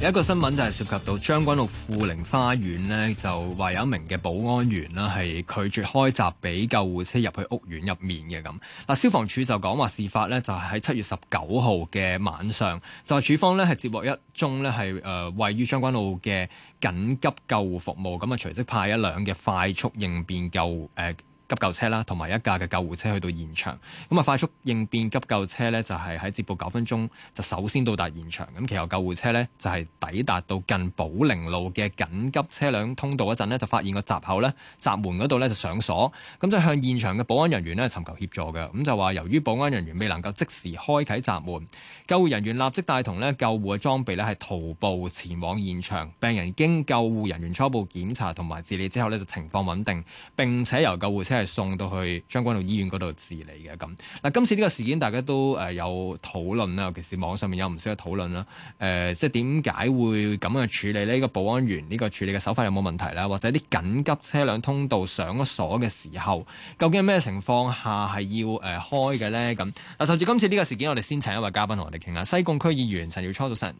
有一個新聞就係涉及到將軍澳富寧花園呢，就話有一名嘅保安員啦，係拒絕開閘俾救護車入去屋苑入面嘅咁。嗱，消防處就講話事發呢就係喺七月十九號嘅晚上，就係處方呢係接獲一宗呢係誒、呃、位於將軍澳嘅緊急救護服務，咁啊隨即派一輛嘅快速應變救誒。呃急救車啦，同埋一架嘅救護車去到現場，咁啊快速應變急救車呢，就係喺接報九分鐘就首先到達現場。咁其後救護車呢，就係抵達到近寶寧路嘅緊急車輛通道嗰陣呢，就發現個閘口呢閘門嗰度呢，就上鎖，咁就向現場嘅保安人員呢尋求協助嘅。咁就話由於保安人員未能夠即時開啟閘門，救護人員立即帶同呢救護嘅裝備呢係徒步前往現場。病人經救護人員初步檢查同埋治理之後呢，就情況穩定，並且由救護車，係送到去將軍澳醫院嗰度治理嘅。咁嗱，今次呢個事件，大家都誒、呃、有討論啦，尤其是網上面有唔少嘅討論啦。誒、呃，即係點解會咁樣處理呢？呢個保安員呢個處理嘅手法有冇問題啦？或者啲緊急車輛通道上咗鎖嘅時候，究竟係咩情況下係要誒、呃、開嘅呢？咁嗱，就住今次呢個事件，我哋先請一位嘉賓同我哋傾下。西貢區議員陳耀初早晨。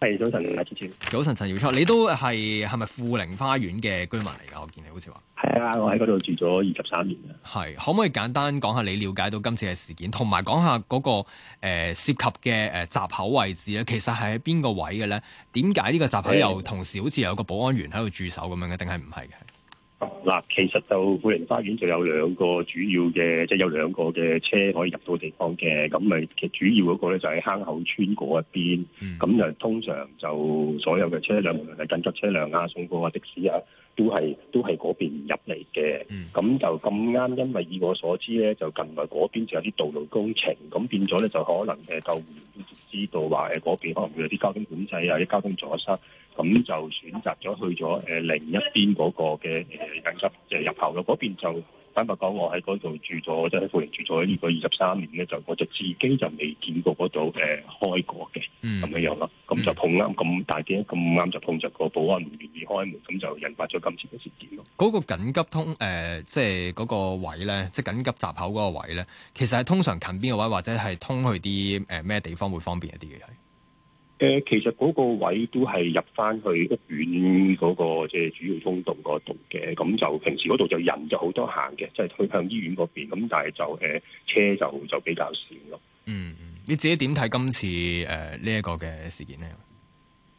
係早晨，早晨，陳耀初，你都係係咪富寧花園嘅居民嚟噶？我見你好似話係啊。我喺嗰度住咗二十三年啊。係，可唔可以簡單講下你了解到今次嘅事件，同埋講下嗰個、呃、涉及嘅誒閘口位置咧？其實係喺邊個位嘅咧？點解呢個閘口又的同時好似有個保安員喺度駐守咁樣嘅？定係唔係嘅？嗱，其實就富寧花園就有兩個主要嘅，即係有兩個嘅車可以入到地方嘅。咁咪，其實主要嗰個咧就係坑口村嗰一邊。咁、嗯、就通常就所有嘅車輛，無論係緊急車輛啊、送貨啊、的士啊，都係都係嗰邊入嚟嘅。咁、嗯、就咁啱，因為以我所知咧，就近來嗰邊就有啲道路工程，咁變咗咧就可能誒，救護員都知道話誒，嗰邊可能會有啲交通管制啊，啲交通阻塞。咁就選擇咗去咗誒、呃、另一邊嗰個嘅誒、呃、緊急誒、呃、入口咯，嗰邊就坦白講，我喺嗰度住咗，即係喺富盈住咗呢個二十三年咧，就，是、就我就自己就未見過嗰度誒開過嘅，咁樣樣咯。咁就碰啱咁、嗯、大件，咁啱就碰着個保安唔願意開門，咁就引發咗今次嘅事件咯。嗰個緊急通誒、呃，即係嗰個位咧，即係緊急閘口嗰個位咧，其實係通常近邊個位，或者係通去啲誒咩地方會方便一啲嘅？誒、呃，其實嗰個位都係入翻去屋苑嗰個即係主要通道嗰度嘅，咁就平時嗰度就人就好多行嘅，即係去向醫院嗰邊，咁但係就誒、呃、車就就比較少咯。嗯，你自己點睇今次誒呢一個嘅事件咧？誒、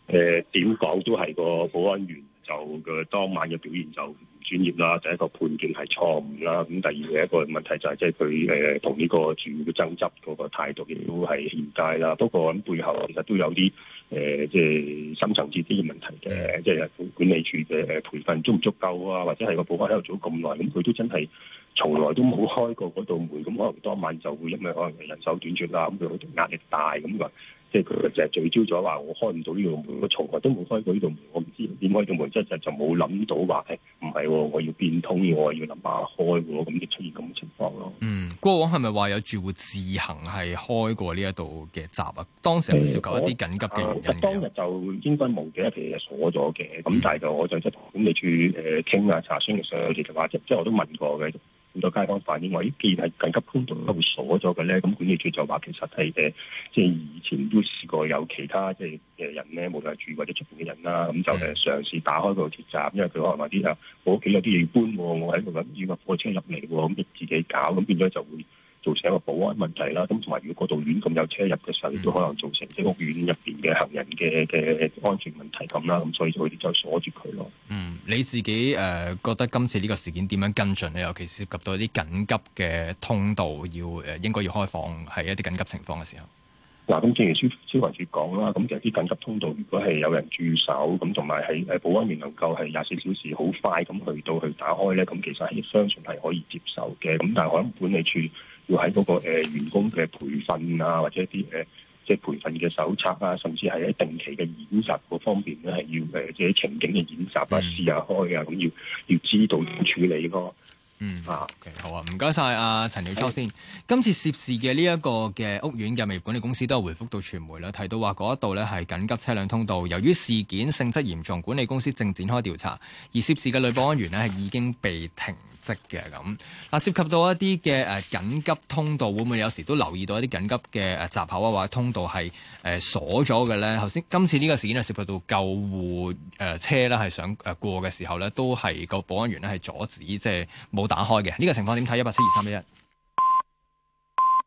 呃，點講都係個保安員就佢當晚嘅表現就。一專業啦，第一個判斷係錯誤啦。咁第二嘅一個問題就係，即係佢誒同呢個住戶嘅爭執嗰個態度亦都係欠佳啦。不過喺背後其實都有啲誒、呃，即係深層次啲嘅問題嘅，即係管理處嘅誒培訓足唔足夠啊？或者係個保安喺度做咁耐，咁、嗯、佢都真係從來都冇開過嗰道門，咁可能當晚就會因為可能人手短缺啦，咁、嗯、佢壓力大咁話。嗯即係佢就係聚焦咗話，我開唔到呢度門。我從來都冇開過呢度門，我唔知點開到門，即係就冇諗到話誒唔係喎？我要變通嘅，我要諗下開嘅，咁就出現咁嘅情況咯。嗯，過往係咪話有住戶自行係開過呢一度嘅閘啊？當時係咪涉及一啲緊急嘅原因？其實、嗯啊、當日就應該冇幾多，其實鎖咗嘅。咁但係就我就即同管理處誒傾啊，查詢嘅時候佢哋就話，即係我都問過嘅。好多街坊反映話，既然係緊急通道都會鎖咗嘅咧，咁管理處就話其實係誒，即係以前都試過有其他即係誒人咧，無論住，住或者出邊嘅人啦，咁就誒嘗試打開個鐵閘，因為佢可能話啲啊，我屋企有啲嘢要搬，我喺度揾要個貨車入嚟喎，咁、嗯、自己搞，咁變咗就會。造成一個保安問題啦，咁同埋如果嗰度院咁有車入嘅時候，亦都、嗯、可能造成啲屋苑入邊嘅行人嘅嘅安全問題咁啦，咁所以就再鎖住佢咯。嗯，你自己誒、呃、覺得今次呢個事件點樣跟進呢？尤其涉及到啲緊急嘅通道要誒應該要開放，係一啲緊急情況嘅時候。嗱、嗯，咁正如消消防處講啦，咁其實啲緊急通道如果係有人駐守，咁同埋喺誒保安員能夠係廿四小時好快咁去到去打開咧，咁其實係相信係可以接受嘅。咁但係我諗管理處。要喺嗰個誒員工嘅培訓啊，或者一啲誒即係培訓嘅手冊啊，甚至係喺定期嘅演習嗰方面咧，係要誒即係情景嘅演習啊，試下開啊，咁要要知道點處理咯。嗯啊，okay，好啊，唔該晒啊，陳耀初先。哎、今次涉事嘅呢一個嘅屋苑嘅物業管理公司都係回覆到傳媒啦，提到話嗰一度咧係緊急車輛通道，由於事件性質嚴重，管理公司正展開調查，而涉事嘅女保安員呢係已經被停。即嘅咁，嗱涉及到一啲嘅誒緊急通道，會唔會有時都留意到一啲緊急嘅誒閘口啊，或者通道係誒、呃、鎖咗嘅咧？頭先今次呢個事件咧涉及到救護誒、呃、車呢係想誒過嘅時候呢都係個保安員咧係阻止，即係冇打開嘅。呢、這個情況點睇？一八七二三一一。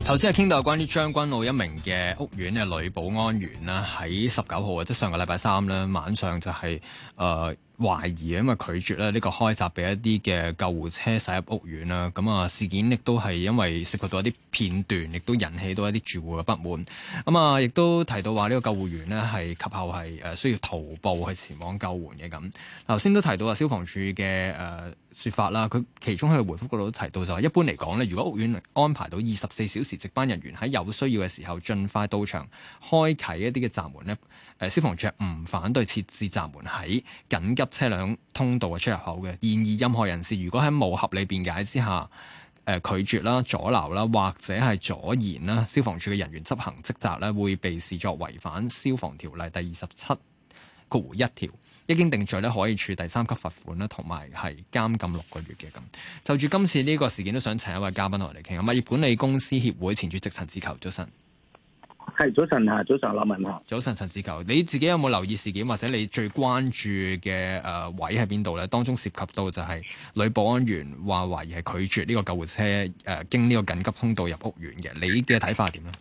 頭先係傾到關於將軍澳一名嘅屋苑嘅女保安員啦，喺十九號啊，即上個禮拜三咧晚上就係、是、誒。呃懷疑啊，因為拒絕咧呢個開閘俾一啲嘅救護車駛入屋苑啦。咁啊，事件亦都係因為涉及到一啲片段，亦都引起到一啲住戶嘅不滿。咁啊，亦都提到話呢個救護員呢係及後係誒、呃、需要徒步去前往救援嘅。咁頭先都提到話消防處嘅誒。呃説法啦，佢其中喺個回覆嗰度都提到就話一般嚟講咧，如果屋苑安排到二十四小時值班人員喺有需要嘅時候，盡快到場開啟一啲嘅閘門呢。誒消防處唔反對設置閘門喺緊急車輛通道嘅出入口嘅。然而，任何人士如果喺冇合理辯解之下誒、呃、拒絕啦、阻撓啦，或者係阻延啦，消防處嘅人員執行職責呢，會被視作違反消防條例第二十七括弧一條。一經定罪咧，可以處第三級罰款啦，同埋係監禁六個月嘅，咁。就住今次呢個事件，都想請一位嘉賓嚟嚟傾啊。物業管理公司協會前主席陳志球，早晨。係早晨啊，早晨，林文華。早晨，陳志球，你自己有冇留意事件或者你最關注嘅誒位喺邊度呢？當中涉及到就係女保安員話懷疑係拒絕呢、呃、個救護車誒經呢個緊急通道入屋苑，嘅，你嘅睇法係點呢？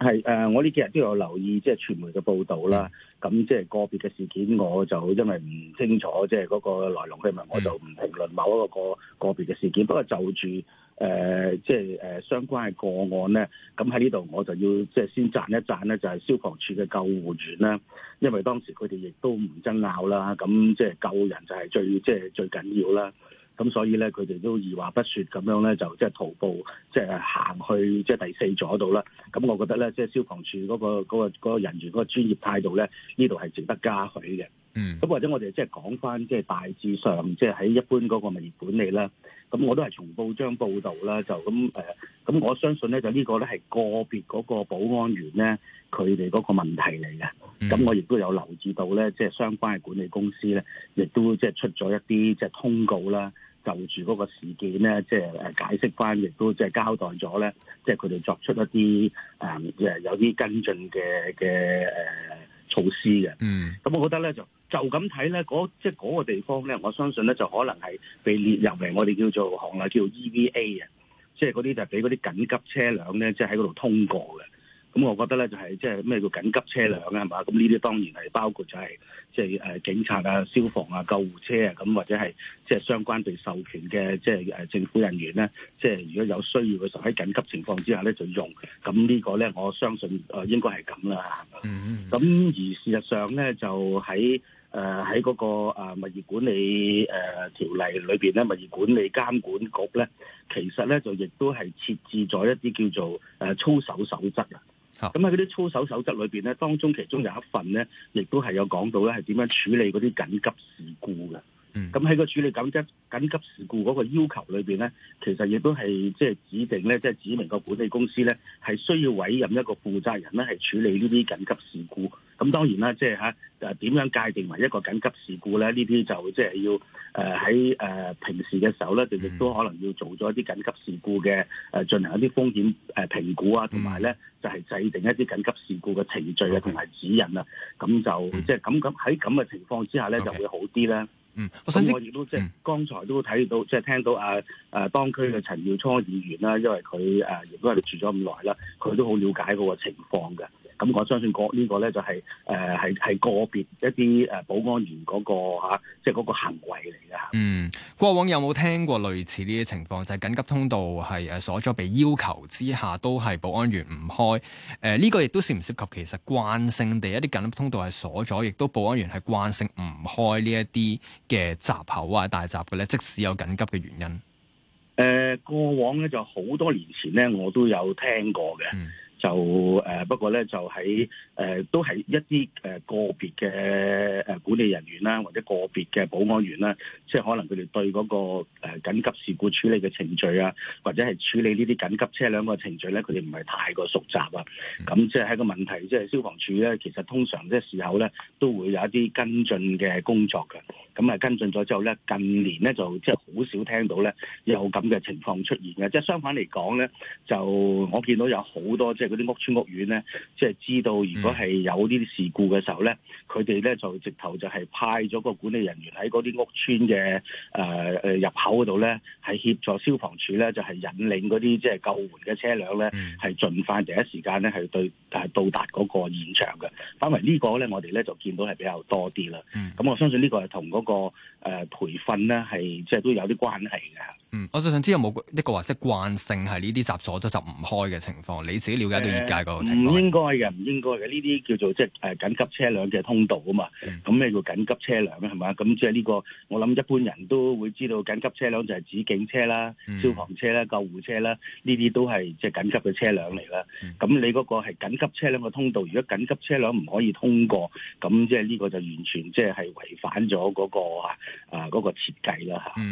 係誒，我呢幾日都有留意即係傳媒嘅報道啦，咁即係個別嘅事件，我就因為唔清楚即係嗰個來龍去脈我就唔評論某一個個個別嘅事件。Mm. 不過就住誒即係誒相關嘅個案咧，咁喺呢度我就要即係先贊一贊咧，就係消防處嘅救護員啦，因為當時佢哋亦都唔爭拗啦，咁即係救人就係最即係、就是、最緊要啦。咁所以咧，佢哋都二話不說咁樣咧，就即係徒步即係行去即係第四座度啦。咁我覺得咧，即係消防處嗰個嗰個嗰個人員嗰個專業態度咧，呢度係值得嘉許嘅。嗯。咁或者我哋即係講翻即係大致上，即係喺一般嗰個物業管理啦。咁我都係從報章報道啦，就咁誒。咁、呃、我相信咧，就呢個咧係個別嗰個保安員咧，佢哋嗰個問題嚟嘅。咁我亦都有留意到咧，即係相關嘅管理公司咧，亦都即係出咗一啲即係通告啦。就住嗰個事件咧，即係誒解釋返，亦都即係交代咗咧，即係佢哋作出一啲即誒有啲跟進嘅嘅誒措施嘅。嗯，咁我覺得咧就就咁睇咧，即係嗰個地方咧，我相信咧就可能係被列入嚟，我哋叫做行啦，叫做 EVA 啊，即係嗰啲就俾嗰啲緊急車輛咧，即係喺嗰度通過嘅。咁我覺得咧就係即係咩叫緊急車輛啊，係嘛？咁呢啲當然係包括就係即係誒警察啊、消防啊、救護車啊，咁或者係即係相關被授權嘅即係誒政府人員咧，即係如果有需要嘅時候喺緊急情況之下咧就用。咁呢個咧我相信誒應該係咁啦。咁而事實上咧就喺誒喺嗰個誒物業管理誒條例裏邊咧，物業管理監管局咧其實咧就亦都係設置咗一啲叫做誒操守守則啊。咁喺啲操守守則裏邊咧，當中其中有一份咧，亦都係有講到咧，係點樣處理嗰啲緊急事故嘅。嗯，咁喺個處理緊急緊急事故嗰個要求裏邊咧，其實亦都係即係指定咧，即係指明個管理公司咧，係需要委任一個負責人咧，係處理呢啲緊急事故。咁當然啦，即係嚇誒點樣界定為一個緊急事故咧？呢啲就即係要誒喺誒平時嘅時候咧，亦亦都可能要做咗一啲緊急事故嘅誒、啊、進行一啲風險誒評估啊，同埋咧就係、是、制定一啲緊急事故嘅程序啊，同埋指引啊。咁就即係咁咁喺咁嘅情況之下咧，Okay. 就會好啲啦、嗯。嗯，甚至我亦都即係、就是、剛才都睇到即係、就是、聽到啊，阿、啊、當區嘅陳耀初議員啦，因為佢誒亦都喺度住咗咁耐啦，佢都好了解嗰個情況嘅。咁我相信呢個咧，就係誒係係個別一啲誒保安員嗰個吓，即係嗰個行為嚟嘅吓。嗯，過往有冇聽過類似呢啲情況？就係、是、緊急通道係誒鎖咗，被要求之下都係保安員唔開。誒、呃、呢、這個亦都涉唔涉及其實慣性地一啲緊急通道係鎖咗，亦都保安員係慣性唔開呢一啲嘅閘口啊、大閘嘅咧，即使有緊急嘅原因。誒、呃，過往咧，就好多年前咧，我都有聽過嘅。嗯就誒、呃、不過咧，就喺誒、呃、都係一啲誒個別嘅誒管理人員啦，或者個別嘅保安員啦，即係可能佢哋對嗰個誒緊急事故處理嘅程序啊，或者係處理呢啲緊急車輛嘅程序咧，佢哋唔係太過熟習啊。咁即係係個問題，即、就、係、是、消防處咧，其實通常即係事後咧，都會有一啲跟進嘅工作嘅。咁啊跟進咗之後咧，近年咧就即係好少聽到咧有咁嘅情況出現嘅，即係相反嚟講咧，就我見到有好多即係嗰啲屋村屋苑咧，即係知道如果係有呢啲事故嘅時候咧，佢哋咧就直頭就係派咗個管理人員喺嗰啲屋村嘅誒誒入口嗰度咧，係協助消防署咧，就係引領嗰啲即係救援嘅車輛咧，係儘快第一時間咧係對誒到達嗰個現場嘅。反為呢個咧，我哋咧就見到係比較多啲啦。咁我相信呢個係同嗰個。個誒培訓咧，係即係都有啲關係嘅。嗯、我就想知有冇一個話即係慣性係呢啲閘鎖都閘唔開嘅情況？你自己了解到業界個情況？唔、嗯、應該嘅，唔應該嘅。呢啲叫做即係誒緊急車輛嘅通道啊嘛。咁咩、嗯、叫緊急車輛咧？係嘛？咁即係呢、這個我諗一般人都會知道緊急車輛就係指警車啦、消防、嗯、車啦、救護車啦呢啲都係即係緊急嘅車輛嚟啦。咁、嗯、你嗰個係緊急車輛嘅通道，如果緊急車輛唔可以通過，咁即係呢個就完全即係違反咗嗰、那個啊啊嗰、那個設計啦吓。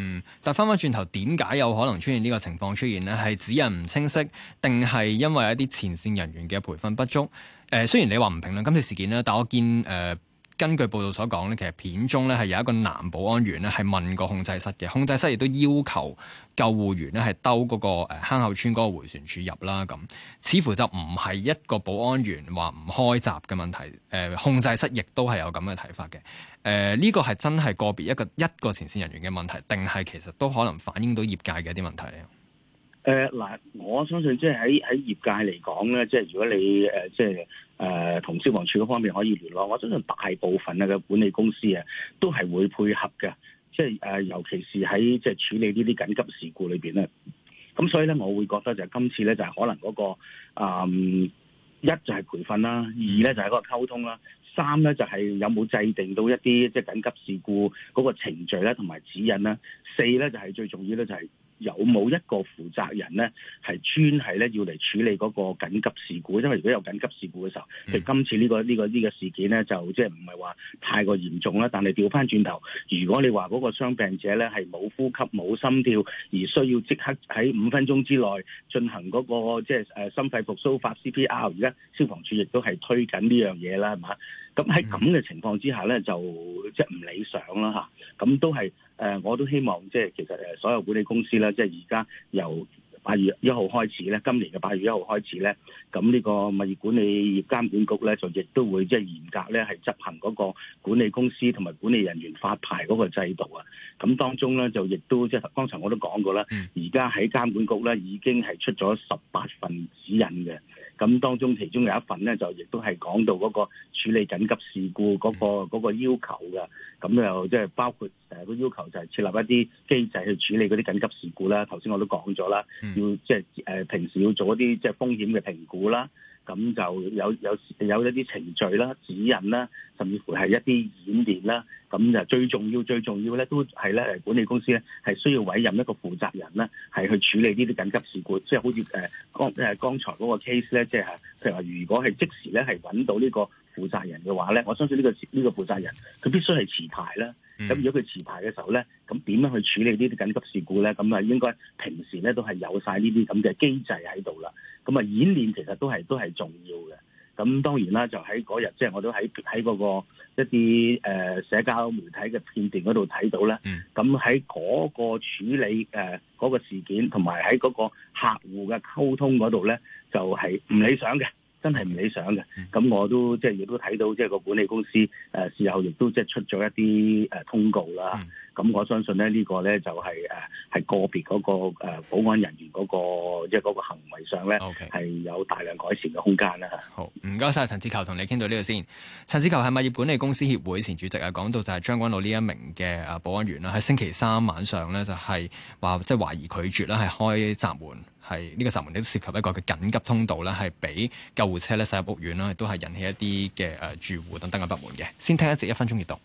但翻翻轉頭點？點解有可能出現呢個情況出現咧？係指引唔清晰，定係因為一啲前綫人員嘅培訓不足？誒、呃，雖然你話唔評論今次事件啦，但我見誒。呃根據報道所講咧，其實片中咧係有一個男保安員咧，係問過控制室嘅，控制室亦都要求救護員咧係兜嗰個坑口村嗰個迴旋處入啦。咁似乎就唔係一個保安員話唔開閘嘅問題，誒、呃、控制室亦都係有咁嘅睇法嘅。誒、呃、呢、這個係真係個別一個一個前線人員嘅問題，定係其實都可能反映到業界嘅一啲問題咧？誒，嗱、呃，我相信即係喺喺業界嚟講咧，即係如果你誒，即係誒，同、呃、消防處嗰方面可以聯絡，我相信大部分啊嘅管理公司啊，都係會配合嘅，即係誒、呃，尤其是喺即係處理呢啲緊急事故裏邊咧，咁所以咧，我會覺得就今次咧就係可能嗰、嗰個啊、嗯，一就係培訓啦，二咧就係嗰個溝通啦，三咧就係有冇制定到一啲即係緊急事故嗰個程序咧，同埋指引啦，四咧就係最重要咧就係、是。有冇一個負責人咧，係專係咧要嚟處理嗰個緊急事故？因為如果有緊急事故嘅時候，其實今次呢個呢個呢個事件咧，就即係唔係話太過嚴重啦。但係調翻轉頭，如果你話嗰個傷病者咧係冇呼吸冇心跳，而需要即刻喺五分鐘之內進行嗰個即係誒心肺復甦法 CPR，而家消防處亦都係推緊呢樣嘢啦，係嘛？咁喺咁嘅情況之下咧，就即係唔理想啦吓，咁、啊、都係。誒，我都希望即係其實誒，所有管理公司咧，即係而家由八月一號開始咧，今年嘅八月一號開始咧，咁呢個物業管理業監管局咧，就亦都會即係嚴格咧，係執行嗰個管理公司同埋管理人員發牌嗰個制度啊。咁當中咧，就亦都即係剛才我都講過啦，而家喺監管局咧已經係出咗十八份指引嘅。咁當中其中有一份咧，就亦都係講到嗰個處理緊急事故嗰、嗰個 mm. 個要求嘅，咁又即係包括誒，個要求就係設立一啲機制去處理嗰啲緊急事故啦。頭先我都講咗啦，mm. 要即係誒平時要做一啲即係風險嘅評估啦。咁就有有有一啲程序啦、指引啦，甚至乎係一啲演練啦。咁就最重要、最重要咧，都係咧，誒，管理公司咧，係需要委任一個負責人咧，係去處理呢啲緊急事故。即係好似誒剛誒剛才嗰個 case 咧，即係譬如話，如果係即時咧係揾到呢個負責人嘅話咧，我相信呢個呢個負責人佢必須係持牌啦。咁、嗯、如果佢持牌嘅時候咧，咁點樣去處理呢啲緊急事故咧？咁啊，應該平時咧都係有晒呢啲咁嘅機制喺度啦。咁啊演練其實都係都係重要嘅。咁當然啦，就喺嗰日即係我都喺喺嗰個一啲誒社交媒體嘅片段嗰度睇到咧。咁喺嗰個處理誒嗰個事件同埋喺嗰個客戶嘅溝通嗰度咧，就係唔理想嘅。真係唔理想嘅，咁 Okay. 我都即係亦都睇到，即係個管理公司誒事後亦都即係出咗一啲誒通告啦。咁、嗯、我相信咧，呢個呢，就係誒係個別嗰個保安人員嗰個即係嗰個行為上呢，係有大量改善嘅空間啦。Okay. 好，唔該晒，陳志球同你傾到呢度先。陳志球係物業管理公司協會前主席啊，講到就係將軍澳呢一名嘅保安員啦，喺星期三晚上呢，就係話即係懷疑拒絕啦，係開閘門。係呢個閘門，都涉及一個嘅緊急通道啦，係俾救護車咧駛入屋苑啦，亦都係引起一啲嘅誒住戶等等嘅不滿嘅。先聽一節一分鐘閱讀。